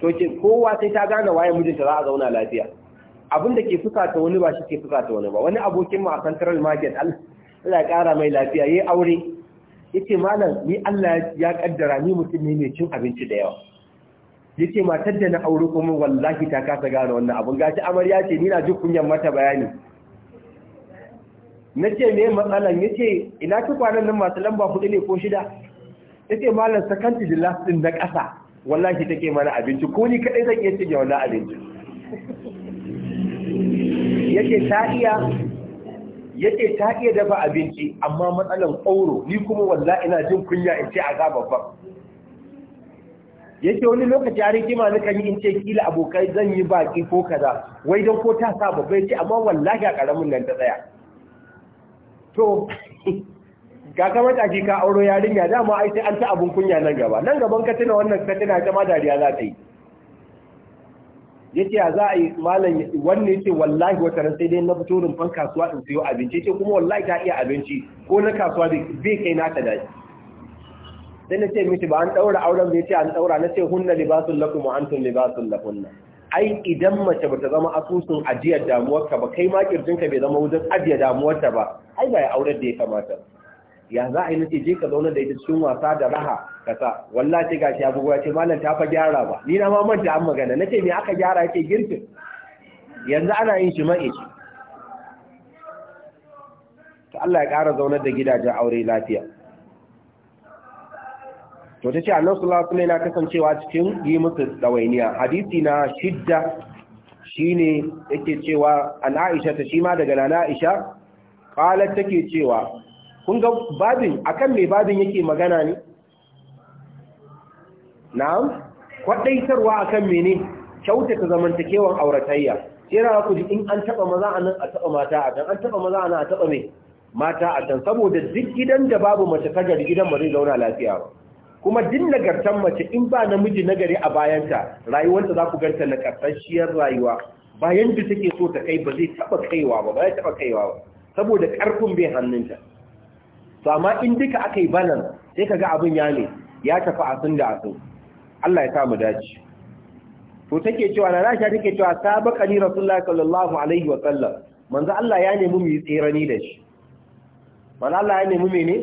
to ke kowa sai ta gane waye mijinta za a zauna lafiya abin da ke fusata wani ba shi ke fusata wani ba wani abokin mu a central market Allah ya ƙara mai lafiya yayi aure yace malam ni Allah ya kaddara ni mutum ne mai cin abinci da yawa yace matar da na aure kuma wallahi ta kasa gane wannan abun gashi amarya ce ni na ji kunyan mata bayani na ce me matsalan ya ce ina ci kwanan nan masu lamba hudu ne ko shida ya ce malam sakanti da lastin na ƙasa wallahi take mana abinci ko ni kaɗai zan iya cinye wannan abinci ya ce ta iya dafa abinci amma matsalan ƙauro ni kuma walla ina jin kunya in ce a ga babban ce wani lokaci a rikima ma kan yi in ce kila abokai zan yi baƙi ko kaza wai don ko ta sa babbai ce amma wallahi a ƙaramin nan ta tsaya to ga ka mataki ka auro yarinya dama ai sai an ta abun kunya nan gaba nan gaban ka tuna wannan ka tuna ta ma dariya za ta yi yace ya za a yi malam wannan yace wallahi wata ran sai dai na fito rumfan kasuwa in siyo abinci yace kuma wallahi ta iya abinci ko na kasuwa bai kai na ta dashi sai na ce miki ba an daura auren bai ce an daura na ce hunna libasun lakum wa antum libasun lahunna ai idan mace bata zama asusun ajiyar damuwarka ba kai ma kirjinka bai zama wajen ajiye damuwarta ba ai ba ya aurar da ya kamata ya za a yi nace je ka zauna da ita cikin wasa da raha sa wallahi gashi ya bugu ce mallam ta fa gyara ba ni na ma manta an magana nace me aka gyara yake girkin yanzu ana yin shi ma'i to Allah ya ƙara zaunar da gidajen aure lafiya to ta ce annan sulatu ne na kasancewa cikin yi musu ɗawainiya hadisi na shidda shi ne yake cewa an ta shi ma daga Nana aisha ƙalar take cewa kun ga babin akan mai babin yake magana ne na'am kwaɗaitarwa akan mene kyautata zamantakewar auratayya tsira ku ji in an taɓa maza a nan a taɓa mata a can an taɓa maza a nan a taɓa mai mata a can saboda duk gidan da babu mace kajar gidan ba zai zauna lafiya ba kuma din nagartan mace in ba namiji nagari a bayanta rayuwarta za ku ganta karsashiyar rayuwa bayan da take so ta kai ba zai taba kaiwa ba ba taba kaiwa ba saboda karfin bai hannunta to amma in duka akai banan sai kaga abin ya ne ya tafi a sun da a sun Allah ya sa mu dace to take cewa na Aisha take cewa ni rasulullahi sallallahu alaihi wa sallam manzo Allah ya nemi mu yi tsirani da shi manzo Allah ya nemi ne?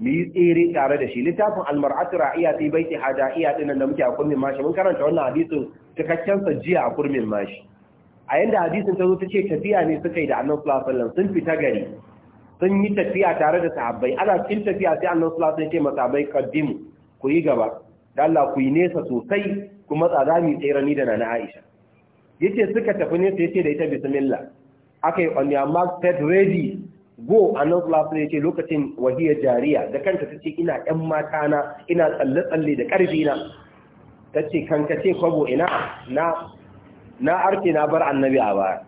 mu yi tsere tare da shi littafin almar'atu ra'iya fi hada iya dinan da muke a kurmin mashi mun karanta wannan hadisin cikakken sa jiya a kurmin mashi a yanda hadisin ta zo ta ce tafiya ne suka yi da annan sulasallan sun fita gari sun yi tafiya tare da sahabbai ana cikin tafiya sai annan sulasallan ya ce ku yi gaba da Allah ku yi nesa sosai Kuma tsada za mu tsere ni da nana Aisha yace suka tafi nesa ce da ita bismillah akai on your mark set ready go a nan ya ce lokacin wahiyar jariya da kanta ta ce ina ‘yan mata na ina tsalle-tsalle da ƙarfi na ta ce kanka ce kwabo ina na arke na bar annabi a baya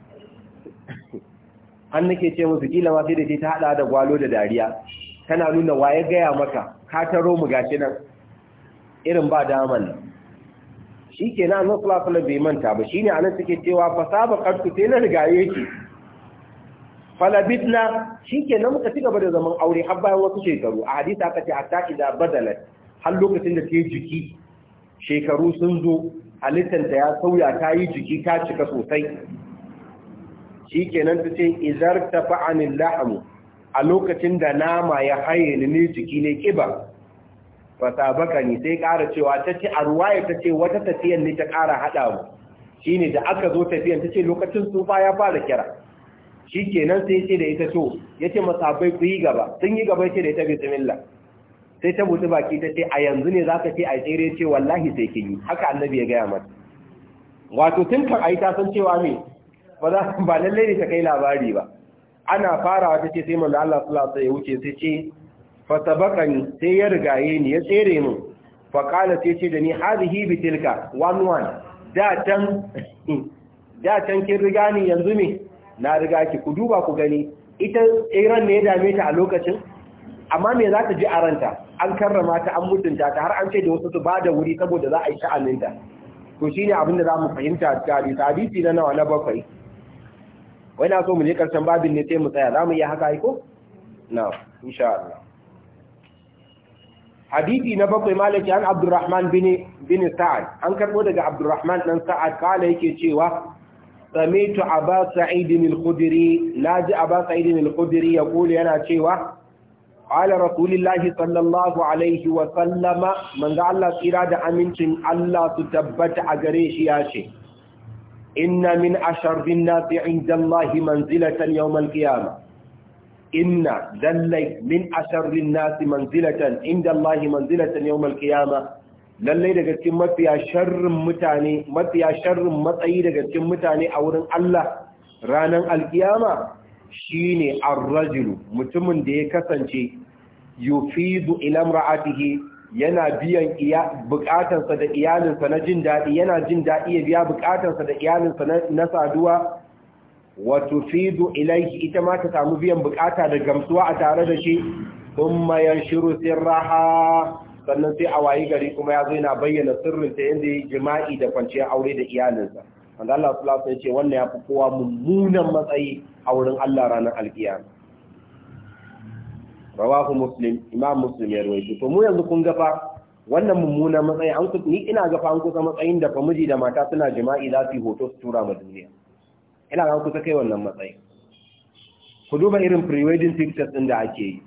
an nake ce musu kila ma sai da ce ta haɗa da gwalo da dariya tana nuna waye gaya maka ka taro mu gashi nan irin ba daman nan shi ke na nan bai manta ba shi ne a nan suke cewa fasaba karku sai na rigaye ki falabitna shikenan muka ci gaba da zaman aure har bayan wasu shekaru a hadisi aka ce hatta idza badalat har lokacin da ta yi jiki shekaru sun zo halittanta ya sauya ta yi jiki ta cika sosai shikenan ta ce izar tafa'anil la'amu a lokacin da nama ya haye ni ne jiki ne kiba baka ni sai ƙara cewa ta ce a ta ce wata tafiyan ne ta kara haɗa mu shine da aka zo tafiyan ta ce lokacin tsufa ya fara kira shi kenan sai ce da ita so ya ce masabai ku yi gaba sun yi gaba ce da ita bismillah sai ta buci baki ta ce a yanzu ne za ka ce a tsere ce wallahi sai kin yi haka annabi ya gaya mata wato tun kan ayi ta san cewa me ba za ba lalle ne ta kai labari ba ana farawa ta ce sai manzo Allah sallallahu alaihi wasallam ya wuce sai ce fa sabaqani sai ya rigaye ni ya tsere min fa qala sai ce da ni hadhihi bitilka one one da can da can kin riga ni yanzu me na riga ki ku duba ku gani ita iran ne ya dame ta a lokacin amma me za ta ji a ranta an karrama ta an mutunta ta har an ce da wasu su ba da wuri saboda za a yi sha'aninta to shi ne abinda za mu fahimta ga hadisi na nawa na bakwai wai na so mu je karshen babin ne sai mu tsaya za mu iya haka aiko na insha Allah hadisi na bakwai malaki an abdurrahman bin bin sa'ad an karbo daga abdurrahman dan sa'ad kala yake cewa سميت أبا سعيد الخدري ناجي أبا سعيد الخدري يقول أنا شيوا على رسول الله صلى الله عليه وسلم من قال الله إرادة أمنتم الله تتبت أقريش ياشي إن من أشر الناس عند الله منزلة يوم القيامة إن ذلك من أشر الناس منزلة عند الله منزلة يوم القيامة lallai daga cikin mafiya sharrin mutane mafiya sharrin matsayi daga cikin mutane a wurin Allah ranar alkiyama shine ar-rajulu mutumin da ya kasance yufidu ila imra'atihi yana biyan iya bukatansa da iyalinsa na jin dadi yana jin dadi ya biya bukatansa da iyalinsa na saduwa wa tufidu ilayhi ita ma ta samu biyan bukata da gamsuwa a tare da shi shiru yanshuru sirraha sannan sai a wayi gari kuma ya zo yana bayyana sirrin ta yadda yi jima'i da kwanciyar aure da iyalinsa wanda Allah sallallahu alaihi ce wannan ya fi kowa mummunan matsayi a wurin Allah ranar alkiyar. rawahu muslim imam muslim ya rawaito to mu yanzu kun gafa wannan mummunan matsayi an ni ina gafa an kusa matsayin da famiji da mata suna jima'i za su yi hoto su tura ma duniya ina ga kusa kai wannan matsayi ku duba irin pre-wedding pictures ɗin da ake yi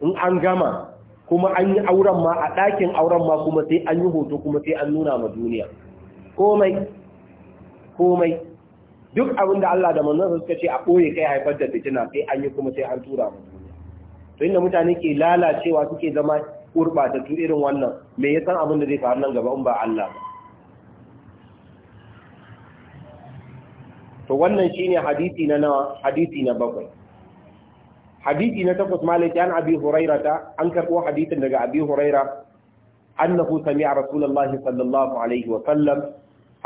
in an gama kuma an yi auren ma a ɗakin auren ma kuma sai an yi hoto kuma sai an nuna ma duniya komai komai duk abin da Allah da manzansa suka ce a ɓoye kai haifar da fitina sai an yi kuma sai an tura ma duniya to inda mutane ke lalacewa suke zama tu irin wannan me ya san abin da zai faru nan gaba in ba Allah ba to wannan shine hadisi na nawa hadisi na bakwai hadisi na takwas malaki an abi hurairata an karbo hadisin daga abi huraira annahu sami'a rasulullahi sallallahu alaihi wa sallam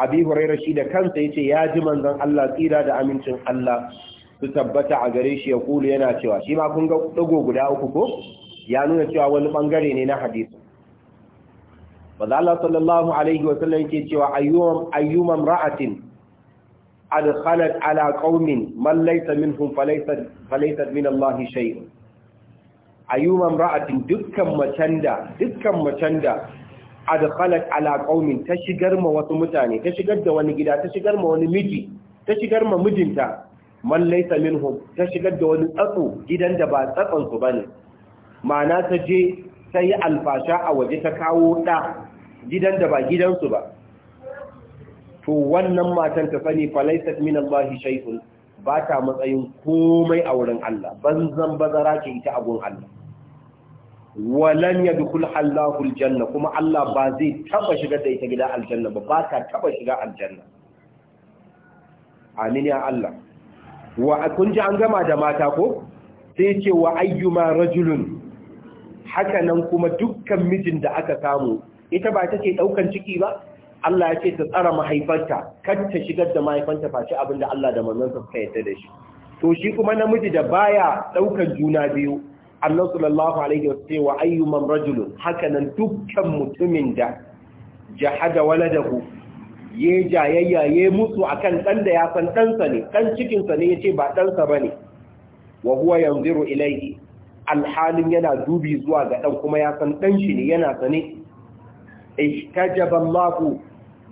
abi huraira shi da kansa yace ya ji manzon Allah tsira da amincin Allah su tabbata a gare shi ya kulu yana cewa shi ma kun guda uku ko ya nuna cewa wani bangare ne na hadisi manzo Allah sallallahu alaihi wa sallam yake cewa ayyumam ayyumam ra'atin adkhalat ala qaumin man laysa minhum falaysa falaysa min Allah shay ayyuma imra'atin dukkan macen dukkan macen da adkhalat ala qaumin ta shigar ma wasu mutane ta shigar da wani gida ta shigar ma wani miji ta shigar ma mijinta man laysa minhum ta shigar da wani tsatso gidan da ba tsatson su bane ma'ana ta je ta yi alfasha a waje ta kawo ɗa gidan da ba gidansu ba to wannan matan ta sani falaisat min Allah shay'un ba ta matsayin komai a wurin Allah banzan bazara ce ita abun Allah walan yadkhul hallahu kuma Allah ba zai taba shiga da ita gida aljanna ba ba ta taba shiga aljanna amin ya Allah wa kun ji an gama da mata ko sai ce wa ayyuma rajulun haka nan kuma dukkan mijin da aka samu ita ba take daukan ciki ba Allah ya ce ta tsara mahaifanta, kar ta shigar da mahaifanta faci abin da Allah da manzansa suka yarda da shi to shi kuma namiji da baya ɗaukar juna biyu Allah sallallahu alaihi wa sallam wa ayyuman rajulun hakanan dukkan mutumin da jahada waladahu ye jayayya ye mutu akan dan da ya san ɗansa ne ɗan cikin sa ne yace ba ɗansa bane wa huwa yanziru ilayhi alhalin yana dubi zuwa ga dan kuma ya san dan ne yana sane ihtajaba Allahu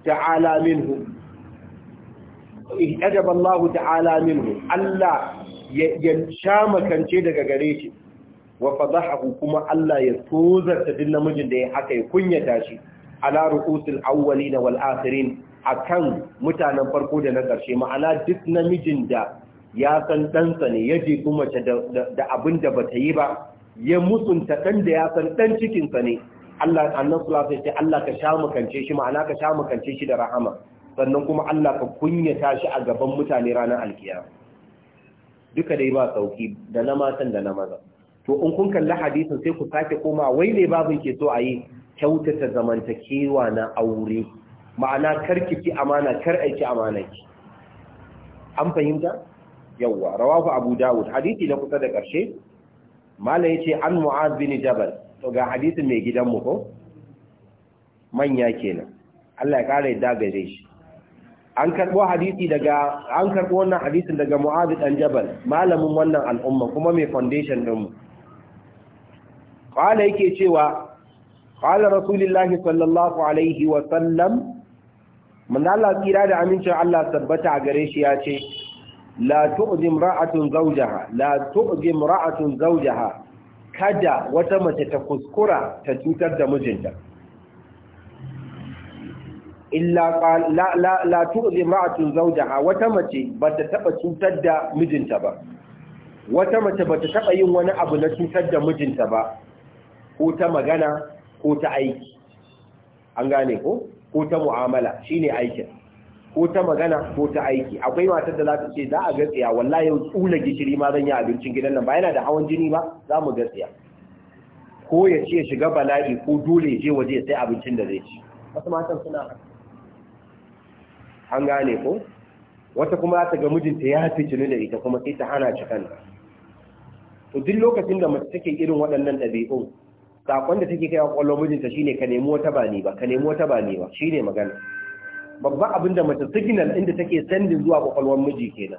ta'ala minhu ajaba Allah ta'ala minhu Allah ya sha makance daga gare shi wa fadahu kuma Allah ya tozarta din namijin da ya haka ya kunyata shi ala ru'usil awwalin wal akhirin akan mutanen farko da na ƙarshe ma'ana duk namijin da ya san ɗansa ne ya je kuma da abin da bata yi ba ya musunta ɗan da ya san ɗan cikinsa ne Allah annan sulasa ya ce Allah ka sha makance shi ma'ana ka sha makance shi da rahama sannan kuma Allah ka kunyata shi a gaban mutane ranar alkiyama duka dai ba sauki da na matan da na maza to in kun kalli hadisin sai ku sake koma wai ne babin ke so a yi kyautata zamantakewa na aure ma'ana karkiki amana kar aiki amana ki an fahimta yawwa rawahu abu dawud hadisi na kusa da karshe mala yace an mu'az bin jabal to ga hadisin mai gidanmu ko manya kenan Allah ya kare yadda gare shi an karbo hadisi daga an karbo wannan hadisin daga Mu'adh dan Jabal malamin wannan al'umma kuma mai foundation din mu qala yake cewa qala rasulullahi sallallahu alaihi wa sallam man Allah kira da amincin Allah tabbata gare shi ya ce la tu'zim ra'atun zawjaha la tu'zim ra'atun zawjaha kada wata mace ta kuskura ta cutar da mijinta illa la la la tu'zi ma'atun zawjaha wata mace bata taba cutar da mijinta ba wata mace bata taba yin wani abu na cutar da mijinta ba ko ta magana ko ta aiki an gane ko ko ta mu'amala shine aikin ko ta magana ko ta aiki akwai matar da za ta ce za a gatsiya wallahi yau tsula gishiri ma zan yi abincin gidan nan ba yana da hawan jini ba za mu gatsiya ko ya ce shiga bala'i ko dole ya je waje ya sai abincin da zai ci wasu matan suna an gane ko wata kuma za ta ga mijinta ya fi da ita kuma sai ta hana ci kanta to duk lokacin da mace take irin waɗannan ɗabi'un sakon da take kai wa ƙwallon mijinta shine ka nemi wata ba ni ba ka nemi wata ba ni ba shine magana babba abin da mace signal inda take sending zuwa kwakwalwar miji kenan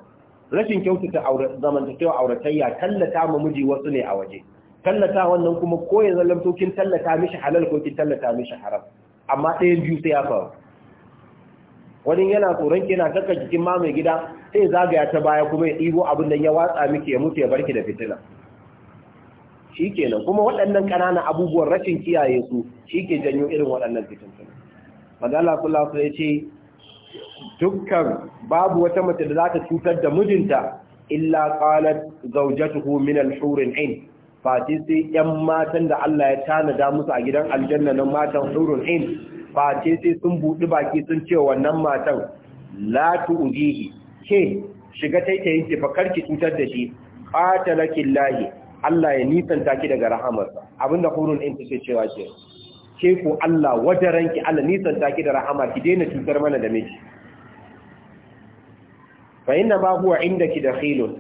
rashin kyautata zamantakewa auratayya tallata ma miji wasu ne a waje tallata wannan kuma ko ya zallamto kin tallata mishi halal ko kin tallata mishi haram amma ɗayan biyu sai ya faru wani yana tsoron kina saka jikin ma mai gida sai zagaya ta baya kuma ya ɗigo abin da ya watsa miki ya mutu ya barki da fitina shi kenan kuma waɗannan ƙananan abubuwan rashin kiyaye su shi ke janyo irin waɗannan fitina kula su ya ce dukkan babu wata mace da za ta cutar da mijinta illa qalat zawjatuhu min al-hurin ain fati sai yan matan da Allah ya tanada musu a gidan aljanna nan matan hurun ain fati sai sun budi baki sun ce wannan matan la tu'dihi ke shiga taitayin yake fa karki cutar da shi qatalakillahi Allah ya nisanta ki daga rahamarsa abinda hurun ain take cewa ce ke ku Allah wajaranki Allah nisan taki da rahama ki daina cutar mana da miji fa inna inda huwa indaki dakhilun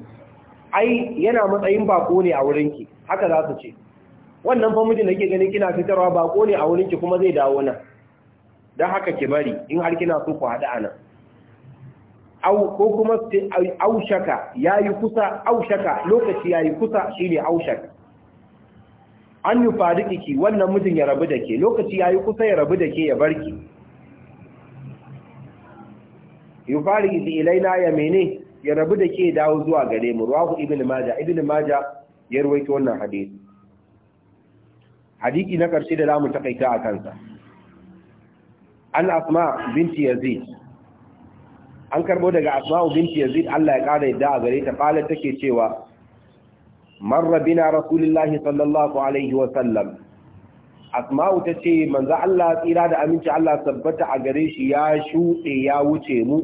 ai yana matsayin bako ne a wurin ki, haka za su ce wannan fa mijin da ke ganin kina fitarwa bako ne a wurin ki kuma zai dawo nan don haka ki bari in har kina so ku hada a aw ko kuma aushaka yayi kusa aushaka lokaci yayi kusa shine ne aushaka an yi ki wannan mijin ya rabu da ke lokaci ya yi kusa ya rabu da ke ya barki yi fariki ilaina ya mene ya rabu da ke dawo zuwa gare mu Ruwaku ibn maja ibn maja ya ruwaito wannan hadisi Hadithi na ƙarshe da zamu takaita a kansa an asma binti yazid an karbo daga asma binti yazid Allah ya ƙara yadda a gare ta kala take cewa marra bina rasulullahi sallallahu alaihi wasallam asma'u ta ce manzo Allah tsira da aminci Allah tabbata a gare shi ya shuɗe ya wuce mu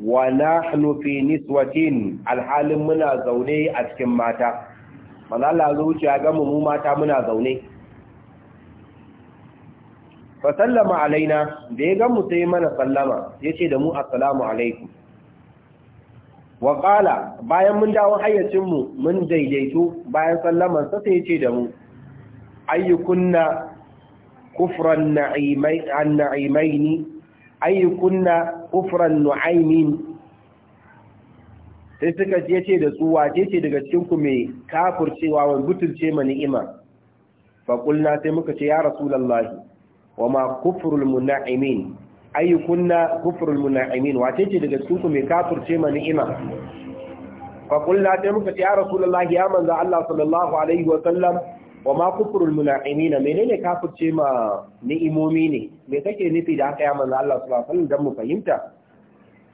wa nahnu fi niswatin alhalin muna zaune a cikin mata manzo Allah zo wuce ya gamu mu mata muna zaune fa sallama alaina da ya gamu sai mana sallama yace da mu assalamu alaikum wa ƙala bayan mun dawo hayyacinmu mun daidaito bayan sallaman sa sai ce da mu ayyukunna kufran na'imai naimaini ayyukunna kufran nu'aimin sai suka ce da tsuwa ce ce daga cikinku ku mai cewa wa butulce ma ni'ima fa sai muka ce ya lallahi, wa ma kufrul muna'imin ayyukunna kufrul muna'imin wace ce daga cikin ku mai kafirce ma ni'ima fa qulna ta muka ya rasulullahi ya manzo Allah sallallahu alaihi wa sallam wa ma kufrul muna'imin menene kafurce ma ni'imomi ne me kake nufi da haka ya manzo Allah sallallahu alaihi wa sallam dan mu fahimta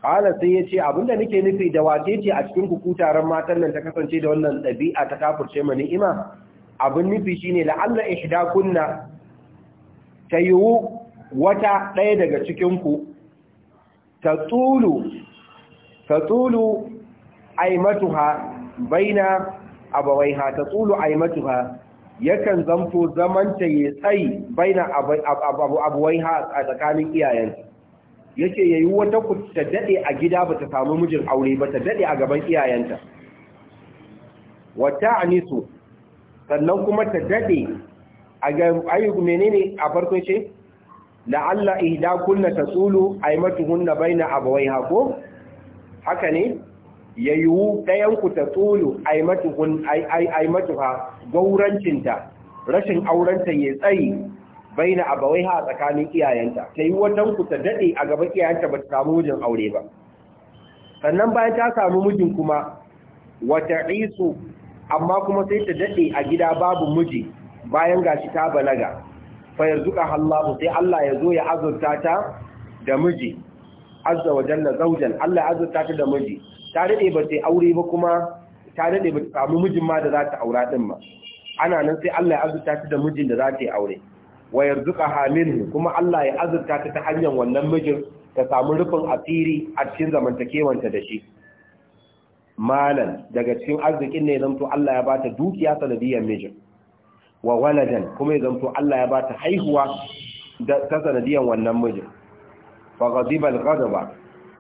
kana sai yace abinda nake nufi da wace ce a cikin ku kutaren matan nan ta kasance da wannan dabi'a ta kafurce ma ni'ima abin nufi shine la'alla ihdakunna tayu wata ɗaya daga cikinku ta tsulu aimatuha baina abawaiha ta tsulu aimatuha yakan zamto zamanta ya tsayi baina abawaiha a tsakanin iyayenta yake yayi wata ku ta daɗe a gida ba ta samu mijin aure ba ta daɗe a gaban iyayenta wata anisu sannan kuma ta daɗe. a ga ayyukumene menene a farko ce la'alla ihda kunna tasulu aymatuhunna bayna abawayha ko haka ne yayu dayan ku tasulu aymatuhun ay aymatuha gaurancinta rashin aurenta ya tsayi baina abawayha tsakanin iyayenta tayi watan ku ta dade a gaba iyayenta ba ta samu mijin aure ba sannan bayan ta samu mijin kuma wata isu amma kuma sai ta dade a gida babu miji bayan gashi ta balaga fa yarzuqa Allah sai Allah ya zo ya azurta ta da miji azza wa jalla zaujan Allah ya azurta ta da miji ta dade ba sai aure ba kuma ta dade ba ta samu mijin ma da za ta aura din ma ana nan sai Allah ya azurta ta da mijin da za ta yi aure wa yarzuqaha minhu kuma Allah ya azurta ta ta hanyar wannan mijin ta samu rufin asiri a cikin zamantakewanta da shi malan daga cikin arzikin ne zanto Allah ya bata dukiya sanadiyar mijin wa waladan kuma ya zanto Allah ya bata haihuwa ta sanadiyan wannan mijin fa ghadiba al-ghadaba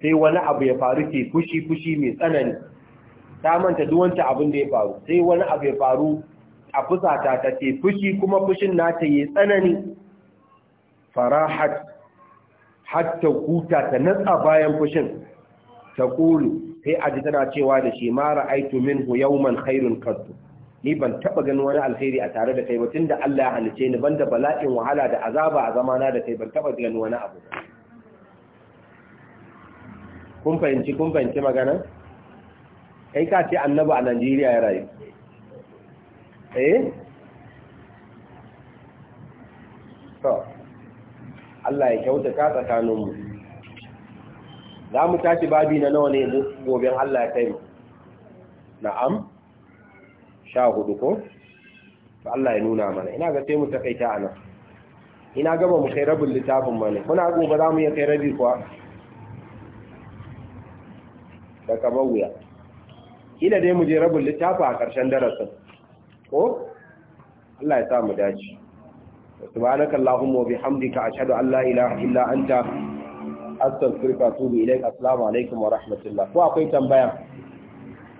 sai wani abu ya faru ke fushi fushi mai tsanani ta manta duk duwanta abin da ya faru sai wani abu ya faru a fusata ta ce fushi kuma fushin nata yi tsanani farahat hatta kuta ta natsa bayan fushin ta kulu sai aji tana cewa da shi mara aitu minhu yawman khairun qattu ni ban taba ganin wani alheri a tare da kai ba tunda Allah ya halice ni banda bala'in wahala da azaba a zamana da kai ban taba ganin wani abu kun fahimci kun fahimci magana kai ka ce annabi a Najeriya ya rayu eh to Allah ya tsakanin mu. za mu tashi babi na nawa ne gobin Allah ya kai mu na'am sha hudu ko to Allah ya nuna mana ina ga sai mu takaita a nan ina gaba mu kai rabin littafin ma ne kuna ba za mu iya kai rabi kuwa da ka ba wuya ila dai mu je rabin littafi a ƙarshen darasin ko Allah ya sa mu dace subhanaka allahumma wa bihamdika ashhadu an la ilaha illa anta astaghfiruka wa atubu ilaik assalamu alaikum wa rahmatullah ko akwai tambaya